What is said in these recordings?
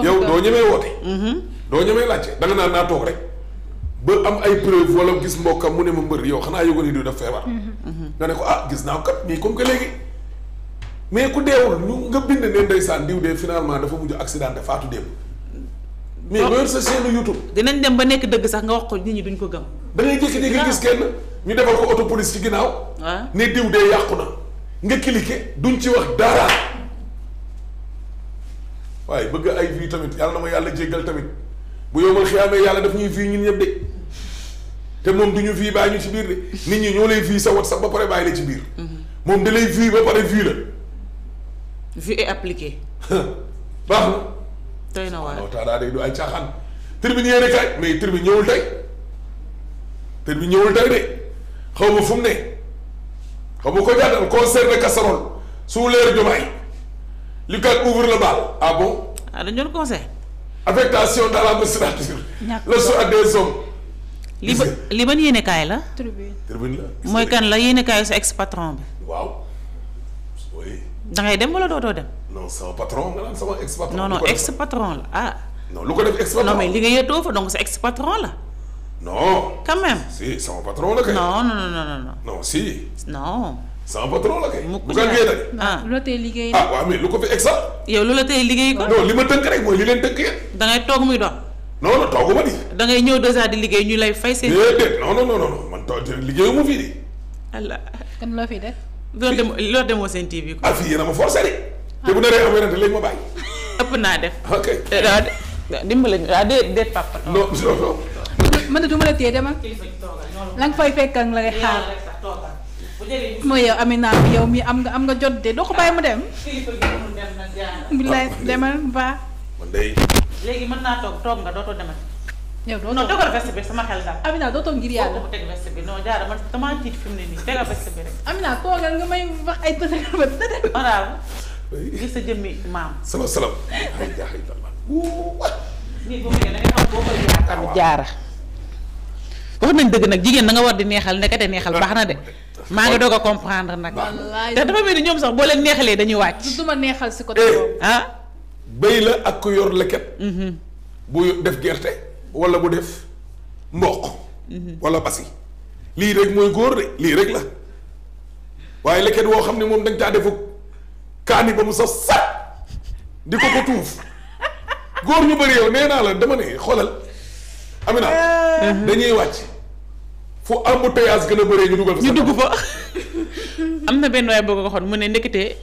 yow doo ñemee woote. Mhm. doo ñemee laajte danga naan naa toog rek ba am ay preuve wala gis mbokkam mu ne ma mbër yow xanaa yëgoon yi du def feebar. Mhm. Mhm. nga ne ko ah gis naa kat mais comme que léegi mais ku deewul ñu nga bind ne ndeysaan diw de finalement dafa mujj accident de faatu démb. mais oh. loolu sa chaîne YouTube. dinañ dem ba nekk dëgg sax nga wax ko nit ñi duñ ko gëm. da ngay jékki-jékki gis kenn ñu defal ko autopolice ci ginnaaw. ne diw de yàqu na nga cliqué duñ ci wax dara. waaye bëgg ay vie tamit yàlla na yàlla jéggal tamit bu yomal xiyaamee yàlla daf ñuy vie ñun ñëpp de te moom du ñu vie bàyyi ñu ci biir de nit ñi ñoo lay vie sa WhatsApp ba pare bàyyi la ci biir. Mhm. moom da lay vie ba pare vie la. vie est appliquée. baax na. tey na waaye waaw taadaa day du ay caaxaan. tribune yéene kaay mais tribune ñëwul tey tribune ñëwul de xaw ma fu mu ne xaw ma ko jàddal concert de casserole sous l'air Diomaye li kat ouvre le bal ah bon. ah dañu doon conseil. affectation dans la magistrature. le choix des hommes. li ba li ban yéenekaay la. la. mooy kan la yéenekaayu sa ex patron bi. waaw. da ngay dem wala dootoo dem. non sama patron nga naan sama ex patron. non non ex patron la ah. ko def ex patron non ex patron la. si sama la kay. non non sans patron la kay. mukk la ah. ah lu la tey liggéey. Ah, lu la tey liggéey ko. li ma tënk rek mooy li leen tënk yéen. da toog muy dox. non non toogu ma da ngay ñëw déjà liggéey ñu lay fay seen. déedéet non non non non man toog liggéeyu mu fii di. allah kon fi def. loo dem loo demoo seen TV. ah fii yéen a ma forcé de. te bu naree ëpp naa def. ok waaw eh, dimbale waaw déet déet papa. non non non. man de du ma la téye demal. la nga fay fekk ak la ngay xaar mooy yow Amina yow mi am nga am nga jot de doo ko bàyyi mu dem. bilaay ah, demal ba. man day. léegi mën naa toog toog nga dootoo demal. yow doo non dogal veste bi sama xel daal. Amina dootoo ngir yàlla boo ko teg veste bi non jaara man damaa tiit fi mu ne nii tegal veste bi rek. Amina toogal nga may wax ay tëddal ba tëddal. maanaam gis sa jëmmi maam. bu da nga xam boo koy jaar ah, jaara. wax nañ dëgg nag jigéen na nga war di neexal nekkate neexal baax na de. maa ngi doog a comprendre nag. te dafa mel ni ñoom sax boo leen neexalee dañuy wàcc. du ma neexal si côté eh. boobu. ah. la ak ku yor leket. Mm-hmm. bu def gerte wala bu def mboq. Mm-hmm. wala basi. lii rek mooy góor de lii rek la waaye leket woo xam ne moom dañ caa defu kaani ba mu saf sat di ko ko tuuf góor ñu bëri yow nee naa la dama ne xoolal Amina. Eh. dañuy wàcc. fu embouteillage gën a bëree ñu dugal fa. ñu dugg fa am na benn waay boo ko waxoon mu ne ndekete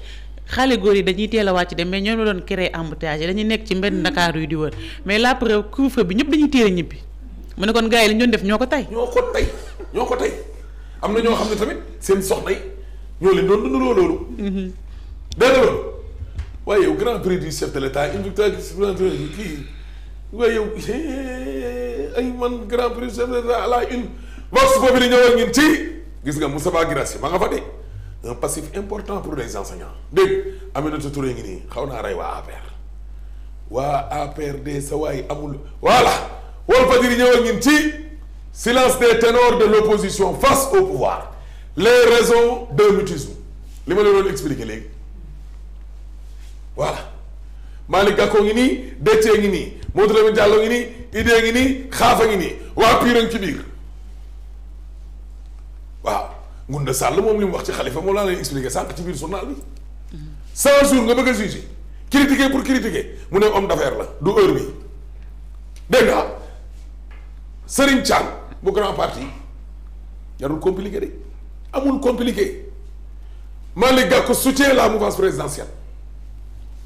xale góor yi dañuy teel a wàcc dem mais ñoo la doon créer embouteillage yi dañuy nekk ci mbenn Dakar yu di wër mais la preuve couvre bi ñëpp dañuy teel a ñibbi mu ne kon gars yi li doon def ñoo ko tey. ñoo ko tey ñoo am na ñoo xam ne tamit seen soxna yi ñoo leen doon dundaloo loolu. dégg nga loolu waaye yow grand prix du chef de l'État une victoire chef de l'État à la vox boobu di ñëwal ñun ci gis nga Moustapha Guirassy ma nga fa de un passif important pour les enseignants dégg Aminata Touré ngi nii xaw naa rey waa APR waa APR de sa waay amul voilà Walf Fadjri ñëwal ñun ci silence des ténors de l'opposition face au pouvoir les raisons de mutisme li ma la doon expliquer léegi voilà Malick Gakou ngi nii Déthié ngi nii Mamadou Lamine Diallo ngi nii Idé ngi nii Xaafa ngi nii waa Pire ngi ci waaw Ngunda Sall moom li mu wax ci xalifa moom laa leen expliqué sànq ci biir journal bi. cent jours nga bëgg a jugé critiquer pour critiquer mu ne homme d'affaires la du heure bi dégg nga Serigne Thiam bu grand parti jarul compliqué de amul compliqué Malick Gakou soutient la mouvance présidentielle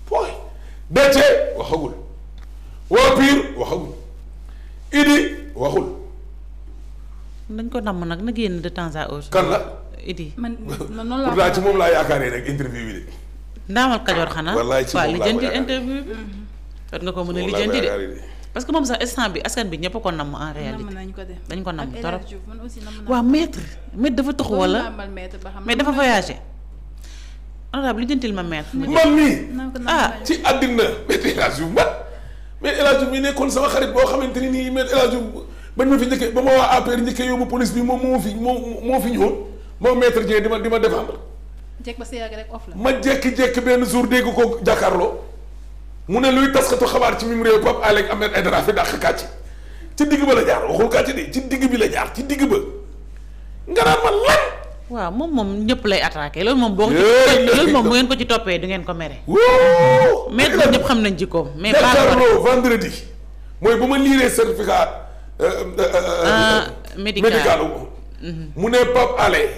point Déthié waxagul waa PUR waxagul Idi waxul. dañ ko nam nag na génn de temps à autre. kan la Idi. man man noonu laa pourtant ci moom laa yaakaaree nag interview bi de. ndaamal kajoor xanaa. wallaay ci moom interview bi. Mhm. nga ko mën a lijjanti de. parce que moom sax instant bi askan bi ñëpp ko namm en réalité. de dañ ko namm torop waaw maître maître dafa taxu wala mais dafa voyagé. honorable lijjantil ma maître. man mii ah ci àddina maître El Hadj Diouf man. maître El Hadj sama xarit boo xamante nii maître El bañ ma fi njëkk ba ma waa APR njëkk yóbbu police bi moom moo fi moo moo fi ñëwoon moom ma di ma défendre. njëkk ba sa yàgg rek off la. ma jékki-jékki benn jour mu ne luy taskatu xabaar ci mim réew Pape Alec digg bi la jaar ci digg ba nga naan ma lan. moom moom ñëpp lay attaqué loolu moom boo loolu moom bu ngeen ko ci toppee du ngeen ko mere ñëpp xam nañ jikkoom mais jàkkaarloo vendredi mooy bu ma liiree certificat Euh, euh, euh, ah, médical mm-hmm. mu ne Pape Alé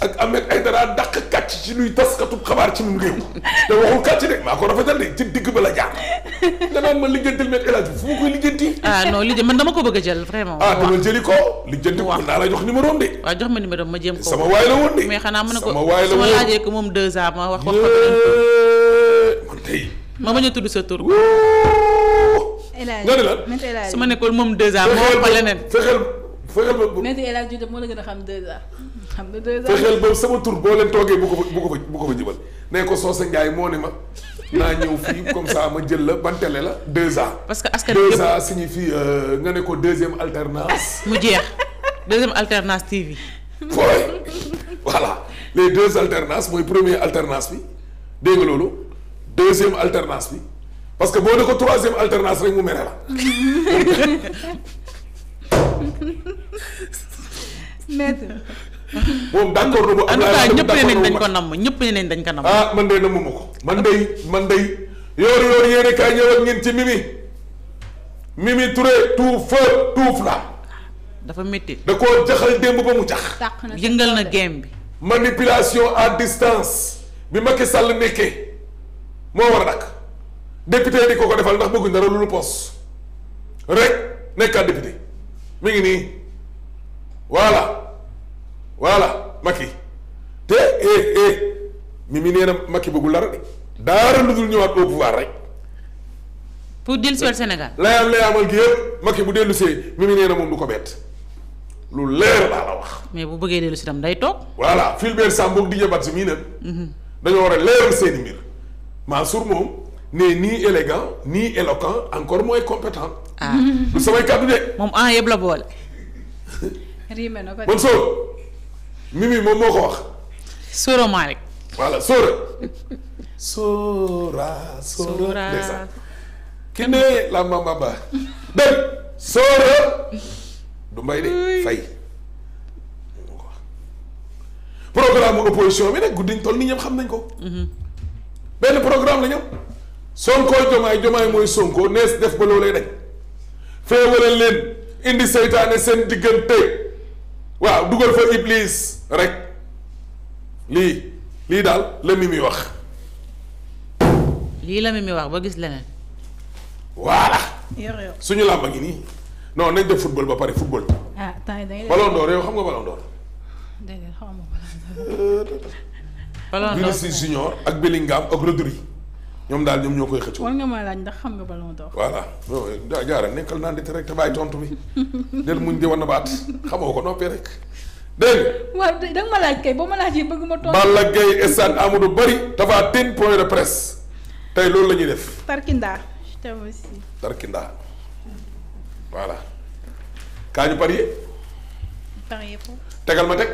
ak Ahmed Aïdara dàq kàcc ci luy taskatu xabaar ci mum réew te waxul kàcc de maa ko rafetal de ci digg ba la jaar nga naan ma lijjantil Me El Hadji fu ma koy lijjanti. ah non lijjanti man dama ko bëgg a jël vraiment. ah dama jëli ko. lijjanti ko mën naa la jox numéro am de. waaw jox ma numéro am ma jéem ko sama waay la woon de. mais xanaa mën ne ko sama waay la woon su ma laajee ko moom deux ans ma wax wax ko. man tey. ma tudd sa tur. nga ne la su ma nekkoon moom deux ans moo fa leneen fexeel fexeel ba maître El Hadj Diouf moo la gën a xam deux ans xam nga deux ans fexeel ba sama tur boo leen toogee bu ko fa bu ko fa bu ne ko Socé Ndiaye moo ne ma naa ñëw fii comme ça ma jël la bantale la deux ans parce que askan deux ans signifie euh, nga ne ko deuxième alternance mu jeex deuxième alternance TV fooy voilà deux alternances mooy première alternance bi dégg nga loolu deuxième alternance bi parce que boo ne ko troisième alternance rek mu mere la. moom d' accord bu am naa ñëpp ne dañ ko namm ñëpp ne dañ ko namm. ah man de nammuma ko man de man de yoor yoor yéen a kaay ñëw ci Mimi Mimi Touré tout feu tout flamme. dafa métti. da koo jaxal démb ba mu jax. yëngal na game bi. manipulation à distance bi Macky Sall nekkee moo war a dakk député di ko ko defal ndax bëgguñ dara lu pos rek nekkaat député mi ngi nii voilà voilà Macky te eh eh mi mi nee na bëggul dara de daara lu dul ñëwaat au pouvoir rek. pour dellu si Sénégal. layaam layaamal gi yëpp Macky bu dellu see mi mi nee na moom du ko bett lu leer laa la wax. mais bu bëggee dellu si tam day toog. voilà Fulbert Sambou ak Didier Badji mii mhm. dañoo war a leeral seeni mbir Mansour moom. n'est ni élégant ni éloquent encore moins compétent. ah du samay kàddu de. moom ah yëpp la boole. riime na ko de Mansour Mimi moom moo ko wax. Soro Malick. voilà Sora. Sora Sora. Sora ki ne la mama ba. dégg Sora. du mbay de fay. programme opposition bi nag guddi toll nii ñëpp xam nañ ko. Mhm. benn programme la ñëpp. sonkoo jomaay jomaay mooy sonkoo nees def ba loolee dañ féewalal leen indi seytaane seen diggante waaw dugal fa iblis rek lii lii daal la mi muy wax lii la mi muy wax ba gis leneen voilà suñu làmba ngi nii non nañ def football ba pare football ah ballon d'or yow xam nga ballon d'or Ballon d'or Vinicius Junior ak Bellingham ak Rodri ñoom daal ñoom ñoo koy xëccoo. war nga ma laaj ndax xam nga ballon d'or. voilà jaa jaara nekkal naa nit rek te bàyyi tontu bi. del muñ di wan baat xamoo ko noppee rek dégg nga. waaw da nga ma laaj kay boo ma laajee bëgg ma tontu. Balla Gaye Essane Amadou Bari dafa tin point de presse tey loolu la ñuy def. Tarkinda je t'aime aussi. Tarkinda voilà tegal ma teg.